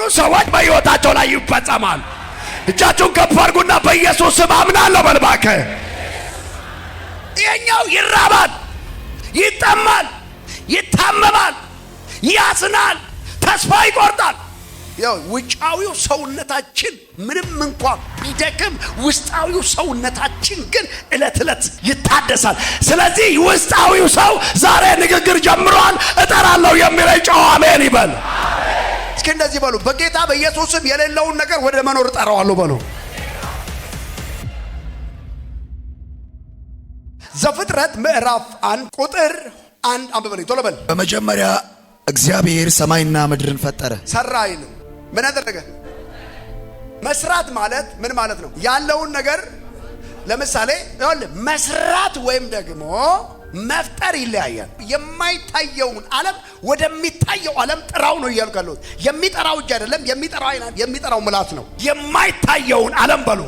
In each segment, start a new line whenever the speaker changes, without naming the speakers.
የሚሆኑ ሰዎች በሕይወታቸው ላይ ይፈጸማል። እጃችሁን ከፍ አድርጉና በኢየሱስ ስም አምናለሁ በል እባክህ። ይሄኛው ይራባል፣ ይጠማል፣ ይታመማል፣ ያስናል፣ ተስፋ ይቆርጣል። ያው ውጫዊው ሰውነታችን ምንም እንኳን ቢደክም ውስጣዊው ሰውነታችን ግን እለት እለት ይታደሳል። ስለዚህ ውስጣዊው ሰው ዛሬ ንግግር ጀምሯል። እጠራለሁ የሚለኝ ጨዋ አሜን ይበል። እስኪ እንደዚህ በሉ፣ በጌታ በኢየሱስም የሌለውን ነገር ወደ መኖር እጠራዋለሁ በሉ። ዘፍጥረት ምዕራፍ አንድ ቁጥር አንድ አንብበልኝ ቶሎ በል። በመጀመሪያ እግዚአብሔር ሰማይና ምድርን ፈጠረ። ሰራ አይልም፣ ምን አደረገ? መስራት ማለት ምን ማለት ነው? ያለውን ነገር ለምሳሌ መስራት ወይም ደግሞ መፍጠር ይለያያል። የማይታየውን ዓለም ወደሚታየው ዓለም ጥራው ነው እያልኩ የሚጠራው እጅ አይደለም፣ የሚጠራው አይን፣ የሚጠራው ምላት ነው። የማይታየውን ዓለም በሉ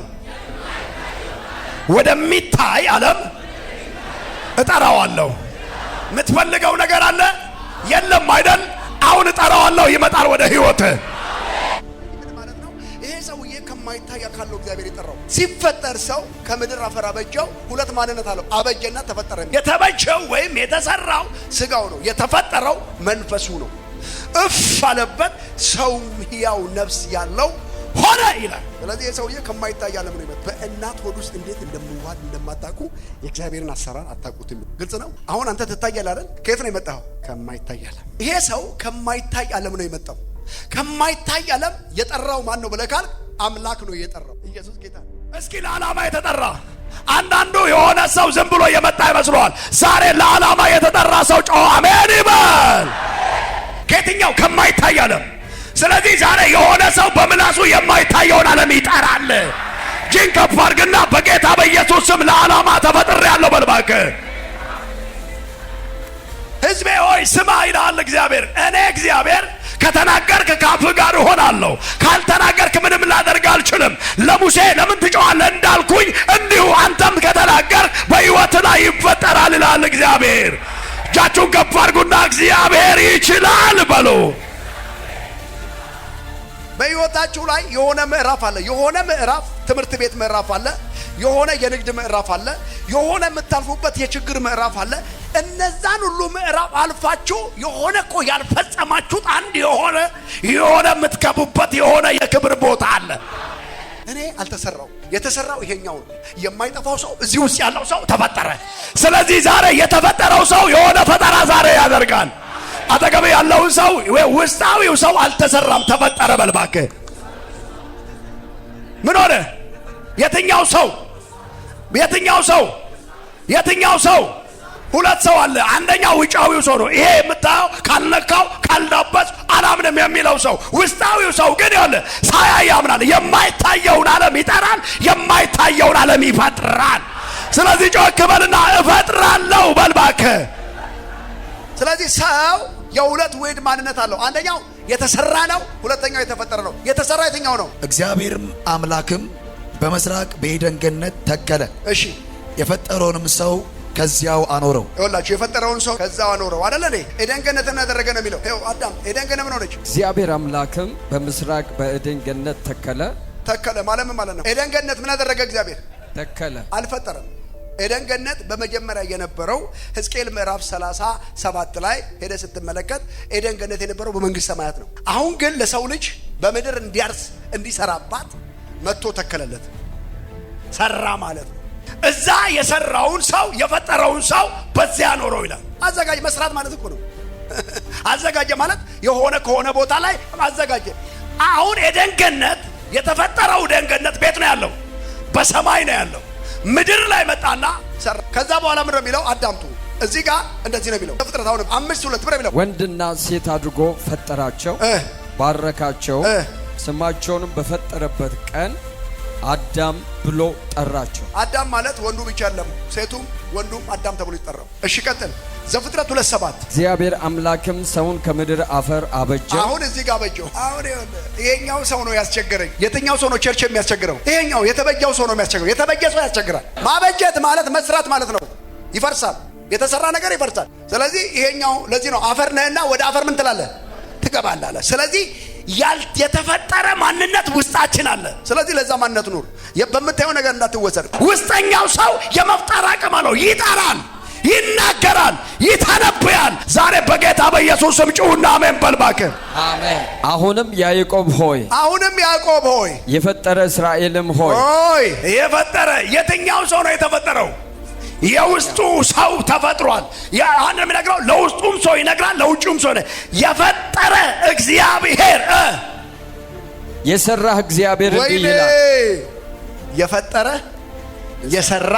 ወደሚታይ ዓለም እጠራዋለሁ። የምትፈልገው ነገር አለ የለም አይደል? አሁን እጠራዋለሁ። ይመጣል ወደ ህይወትህ ከማይታይ አካለው እግዚአብሔር የጠራው ሲፈጠር ሰው ከምድር አፈር አበጀው። ሁለት ማንነት አለው አበጀና ተፈጠረ። የተበጀው ወይም የተሰራው ስጋው ነው፣ የተፈጠረው መንፈሱ ነው። እፍ አለበት ሰውም ሕያው ነፍስ ያለው ሆነ ይላል። ስለዚህ የሰውዬ ከማይታይ ዓለም ነው የመጣው። በእናት ሆድ ውስጥ እንዴት እንደምዋል እንደማታውቁ የእግዚአብሔርን አሰራር አታውቁትም። ግልጽ ነው። አሁን አንተ ትታያለህ አይደል? ከየት ነው የመጣው? ከማይታይ ዓለም። ይሄ ሰው ከማይታይ ዓለም ነው የመጣው። ከማይታይ ዓለም የጠራው ማን ነው ብለህ ካልክ አምላክ ነው የጠራው። ኢየሱስ ጌታ። እስኪ ለዓላማ የተጠራ አንዳንዱ የሆነ ሰው ዝም ብሎ የመጣ ይመስለዋል። ዛሬ ለዓላማ የተጠራ ሰው ጮ አሜን ይበል። ከየትኛው ከማይታይ ዓለም። ስለዚህ ዛሬ የሆነ ሰው በምላሱ የማይታየውን ዓለም ይጠራል። እጅን ከፍ አድርግና በጌታ በኢየሱስ ስም ለዓላማ ተፈጥሬያለሁ ያለው እባክህ። ህዝቤ ሆይ ስማ ይልሃል እግዚአብሔር። እኔ እግዚአብሔር ከተናገርክ ካፍ ጋር እሆናለሁ፣ ካልተናገርክ ምንም ላደ አትችልም። ለሙሴ ለምን ትጮኻለህ እንዳልኩኝ እንዲሁ አንተም ከተናገር በሕይወት ላይ ይፈጠራል ይላል እግዚአብሔር። እጃችሁን ከፍ አድርጉና እግዚአብሔር ይችላል በሎ። በሕይወታችሁ ላይ የሆነ ምዕራፍ አለ። የሆነ ምዕራፍ ትምህርት ቤት ምዕራፍ አለ። የሆነ የንግድ ምዕራፍ አለ። የሆነ የምታልፉበት የችግር ምዕራፍ አለ። እነዛን ሁሉ ምዕራፍ አልፋችሁ የሆነ እኮ ያልፈጸማችሁት አንድ የሆነ የሆነ የምትከቡበት የሆነ የክብር ቦታ አለ። እኔ አልተሰራው የተሰራው ይሄኛው ነው። የማይጠፋው ሰው እዚህ ውስጥ ያለው ሰው ተፈጠረ። ስለዚህ ዛሬ የተፈጠረው ሰው የሆነ ፈጠራ ዛሬ ያደርጋል። አጠገብ ያለውን ሰው ውስጣዊው ሰው አልተሰራም፣ ተፈጠረ። በልባክ ምን ሆነ? የትኛው ሰው የትኛው ሰው የትኛው ሰው ሁለት ሰው አለ። አንደኛው ውጫዊው ሰው ነው። ይሄ የምታየው ካልነካው ካልዳበስ አላምንም የሚለው ሰው፣ ውስጣዊው ሰው ግን ያለ ሳያ ያምናል። የማይታየውን ዓለም ይጠራል፣ የማይታየውን ዓለም ይፈጥራል። ስለዚህ ጮክ በልና እፈጥራለሁ በልባከ። ስለዚህ ሰው የሁለት ውህድ ማንነት አለው። አንደኛው የተሰራ ነው፣ ሁለተኛው የተፈጠረ ነው። የተሰራ የትኛው ነው? እግዚአብሔርም አምላክም በመስራቅ በኤደን ገነት ተከለ። እሺ የፈጠረውንም ሰው ከዚያው አኖረው። ይኸውላችሁ የፈጠረውን ሰው ከዛው አኖረው አደለ እንዴ? ኤደን ገነትን ያደረገ ነው የሚለው። ይኸው አዳም ኤደን ገነት ምን ሆነች? እግዚአብሔር አምላክም በምስራቅ በኤደን ገነት ተከለ። ተከለ ማለት ምን ማለት ነው? ኤደን ገነት ምን ያደረገ? እግዚአብሔር ተከለ፣ አልፈጠረም። ኤደን ገነት በመጀመሪያ የነበረው ህዝቅኤል ምዕራፍ 37 ላይ ሄደ ስትመለከት ኤደን ገነት የነበረው በመንግስት ሰማያት ነው። አሁን ግን ለሰው ልጅ በምድር እንዲያርስ እንዲሰራባት መጥቶ ተከለለት፣ ሰራ ማለት ነው። እዛ የሰራውን ሰው የፈጠረውን ሰው በዚያ ኖረው ይላል። አዘጋጅ መስራት ማለት እኮ ነው። አዘጋጀ ማለት የሆነ ከሆነ ቦታ ላይ አዘጋጀ። አሁን ገነት የተፈጠረው ገነት ቤት ነው ያለው፣ በሰማይ ነው ያለው። ምድር ላይ መጣና ሰራ። ከዛ በኋላ ምንድን ነው የሚለው? አዳምጡ እዚህ ጋር እንደዚህ ነው የሚለው ፍጥረት አሁን አምስት ሁለት ብር የሚለው ወንድና ሴት አድርጎ ፈጠራቸው፣ ባረካቸው። ስማቸውንም በፈጠረበት ቀን አዳም ብሎ ጠራቸው። አዳም ማለት ወንዱ ብቻ አይደለም፣ ሴቱም ወንዱም አዳም ተብሎ ይጠራው። እሺ ቀጥል። ዘፍጥረት ሁለት ሰባት እግዚአብሔር አምላክም ሰውን ከምድር አፈር አበጀው። አሁን እዚህ ጋር አበጀው። አሁን ይሄኛው ሰው ነው ያስቸገረኝ። የትኛው ሰው ነው ቸርች የሚያስቸግረው? ይሄኛው የተበጀው ሰው ነው የሚያስቸግረው። የተበጀ ሰው ያስቸግራል። ማበጀት ማለት መስራት ማለት ነው። ይፈርሳል፣ የተሰራ ነገር ይፈርሳል። ስለዚህ ይሄኛው ለዚህ ነው አፈር ነህና ወደ አፈር ምን ትላለህ? ትገባላለህ። ስለዚህ የተፈጠረ ማንነት ውስጣችን አለ። ስለዚህ ለዛ ማንነት ኑር። በምታየው ነገር እንዳትወሰድ። ውስጠኛው ሰው የመፍጠር አቅም አለው። ይጠራል፣ ይናገራል፣ ይተነብያል። ዛሬ በጌታ በኢየሱስ ስም ጩሁና አሜን በልባክ። አሜን። አሁንም ያዕቆብ ሆይ አሁንም ያዕቆብ ሆይ የፈጠረ እስራኤልም ሆይ ሆይ የፈጠረ የትኛው ሰው ነው የተፈጠረው? የውስጡ ሰው ተፈጥሯል። አንድ የሚነግረው ለውስጡም ሰው ይነግራል፣ ለውጭም ሰው የፈጠረ እግዚአብሔር የሰራህ እግዚአብሔር ይላል። የፈጠረ የሰራ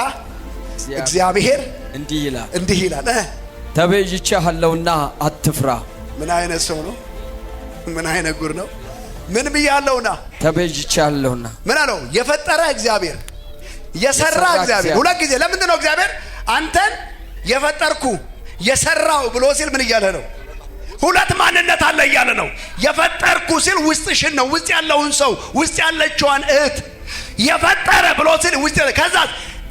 እግዚአብሔር እንዲህ ይላል እንዲህ ይላል ተቤዥቼሃለሁና አትፍራ። ምን አይነት ሰው ነው? ምን አይነት ጉር ነው? ምን ብያለሁና? ተቤዥቼሃለሁና ምን አለው? የፈጠረ እግዚአብሔር የሰራ እግዚአብሔር ሁለት ጊዜ ለምንድን ነው እግዚአብሔር አንተን የፈጠርኩ የሰራው ብሎ ሲል ምን እያለ ነው? ሁለት ማንነት አለ እያለ ነው። የፈጠርኩ ሲል ውስጥሽን ነው፣ ውስጥ ያለውን ሰው፣ ውስጥ ያለችዋን እህት የፈጠረ ብሎ ሲል ውስጥ ከዛ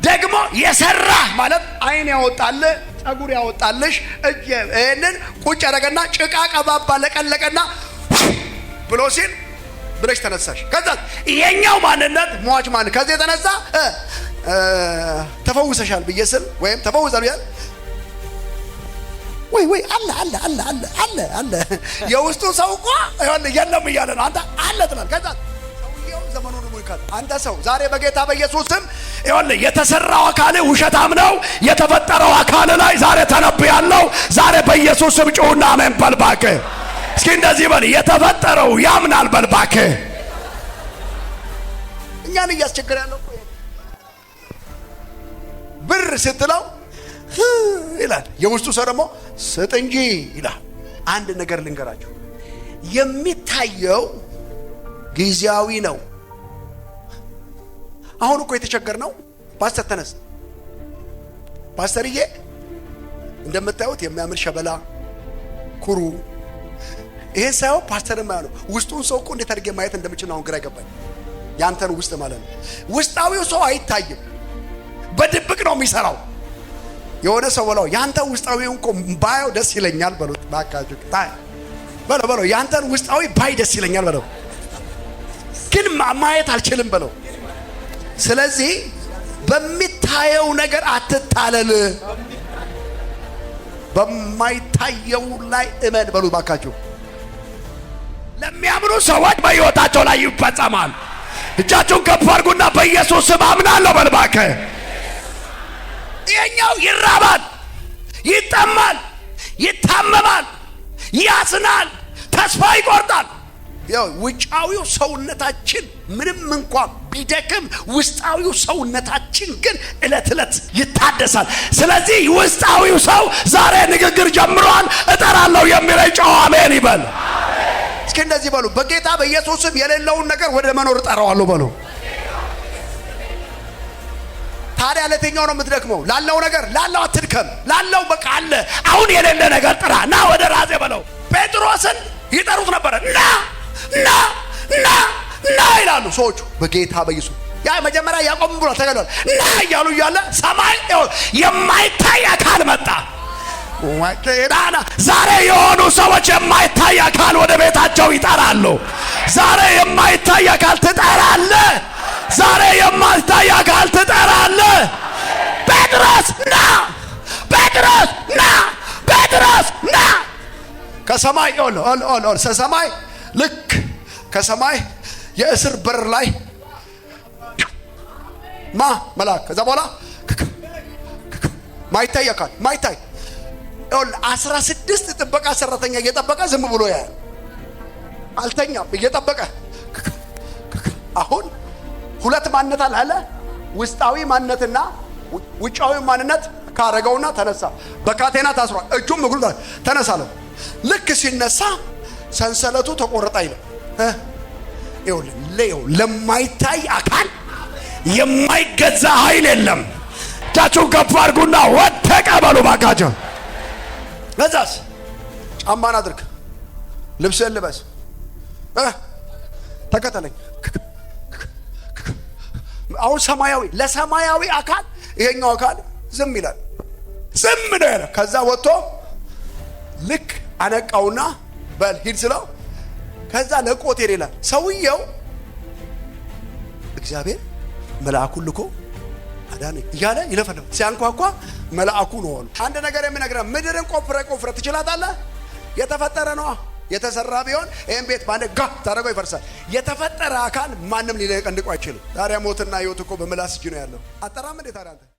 ደግሞ የሰራ ማለት አይን ያወጣል፣ ጸጉር ያወጣልሽ፣ ይህንን ቁጭ ያደረገና ጭቃ ቀባባ ለቀለቀና ብሎ ሲል ብለሽ ተነሳሽ። ከዛ የኛው ማንነት ሟች ማን ከዚ የተነሳ ተፈውሰሻል ብዬ ስል ወይም ተፈውሳል ብያል ወይ ወይ አለ አለ አለ አለ አለ አለ የውስጡ ሰው እኮ ይሁን የለም እያለ ነው። አንተ አለ ትላል። ከዛ ሰውየው ዘመኑ ሙሉ ይካል። አንተ ሰው ዛሬ በጌታ በኢየሱስ ስም ይሁን የተሰራው አካል ውሸታም ነው። የተፈጠረው አካል ላይ ዛሬ ተነብያለሁ። ዛሬ በኢየሱስ ስም ጩሁና አሜን በልባክ እስኪ እንደዚህ በል የተፈጠረው ያምናል በል እባክህ። እኛን እያስቸገረ ያለው ብር ስትለው ይላል፣ የውስጡ ሰው ደግሞ ስጥ እንጂ ይላል። አንድ ነገር ልንገራቸው የሚታየው ጊዜያዊ ነው። አሁን እኮ የተቸገር ነው። ፓስተር ተነስ፣ ፓስተርዬ እንደምታዩት የሚያምር ሸበላ ኩሩ ይሄን ሳየው ፓስተር ማለት ነው ውስጡን ሰው እኮ እንዴት አድርጌ ማየት እንደምችል አሁን ግራ ይገባኝ። ያንተን ውስጥ ማለት ነው። ውስጣዊው ሰው አይታይም፣ በድብቅ ነው የሚሰራው። የሆነ ሰው በለው ያንተ ውስጣዊውን እኮ ባየው ደስ ይለኛል በሉት ታ በለው በለው ያንተን ውስጣዊ ባይ ደስ ይለኛል በለው፣ ግን ማየት አልችልም በለው። ስለዚህ በሚታየው ነገር አትታለል፣ በማይታየው ላይ እመን በሉት ባካችሁ። ለሚያምኑ ሰዎች በሕይወታቸው ላይ ይፈጸማል። እጃችሁን ከፍ አድርጉና በኢየሱስ ስም አምናለሁ በል እባክህ። ይሄኛው ይራባል፣ ይጠማል፣ ይታመማል፣ ያስናል፣ ተስፋ ይቆርጣል። ውጫዊው ሰውነታችን ምንም እንኳ ቢደክም ውስጣዊው ሰውነታችን ግን እለት እለት ይታደሳል። ስለዚህ ውስጣዊው ሰው ዛሬ ንግግር ጀምሯል። እጠራለሁ የሚለኝ ጨዋ አሜን ይበል። እስኪ እንደዚህ በሉ፣ በጌታ በኢየሱስም የሌለውን ነገር ወደ መኖር እጠራዋለሁ በሉ። ታዲያ ለየትኛው ነው የምትደክመው? ላለው ነገር ላለው አትድከም። ላለው በቃ አለ። አሁን የሌለ ነገር ጥራ ና ወደ ራሴ በለው። ጴጥሮስን ይጠሩት ነበረ። ና ና ና ና ይላሉ ሰዎቹ። በጌታ በኢየሱስ ያ መጀመሪያ ያቆም ብሎ ተገለል ና እያሉ እያለ ሰማይ የማይታይ አካል መጣ። ዛሬ የሆኑ ሰዎች የማይታይ አካል ወደ ቤታቸው ይጠራሉ። ዛሬ የማይታይ አካል ትጠራለ። ዛሬ የማይታይ አካል ትጠራለ። ጴጥሮስ ና፣ ጴጥሮስ ና፣ ጴጥሮስ ና። ከሰማይ ኦል ኦል ልክ ከሰማይ የእስር በር ላይ ማ መልአክ ከዛ በኋላ ማይታይ አካል ማይታይ አስራ ስድስት ጥበቃ ሰራተኛ እየጠበቀ ዝም ብሎ ያያል። አልተኛም እየጠበቀ አሁን ሁለት ማንነት አለ ውስጣዊ ማንነትና ውጫዊ ማንነት ካረገውና ተነሳ። በካቴና ታስሯል። እጁም እግሩ ተነሳለሁ። ልክ ሲነሳ ሰንሰለቱ ተቆረጠ ይለ ለማይታይ አካል የማይገዛ ኃይል የለም። እጃችሁን ከፍ አድርጉና ወተቀበሉ ባካቸው ከዛስ ጫማን አድርግ፣ ልብስን ልበስ፣ ተከተለኝ። አሁን ሰማያዊ ለሰማያዊ አካል ይሄኛው አካል ዝም ይላል። ዝም ነው ያለ። ከዛ ወጥቶ ልክ አነቃውና በል ሂድ ስለው ከዛ ለቆት ይላል ሰውየው። እግዚአብሔር መልአኩን ልኮ አዳነኝ እያለ ይለፈልፋል ሲያንኳኳ መልአኩ ነው ሆኑ። አንድ ነገር የምነግረህ ምድርን ቆፍረ ቆፍረ ትችላታለህ። የተፈጠረ ነው የተሰራ ቢሆን ይህን ቤት በአንድ ጋ ታደረገው ይፈርሳል። የተፈጠረ አካል ማንም ሊለቀንቀው አይችልም። ታዲያ ሞትና ህይወት እኮ በምላስ እጅ ነው ያለው። አጠራም እንዴ ታዲያ አንተ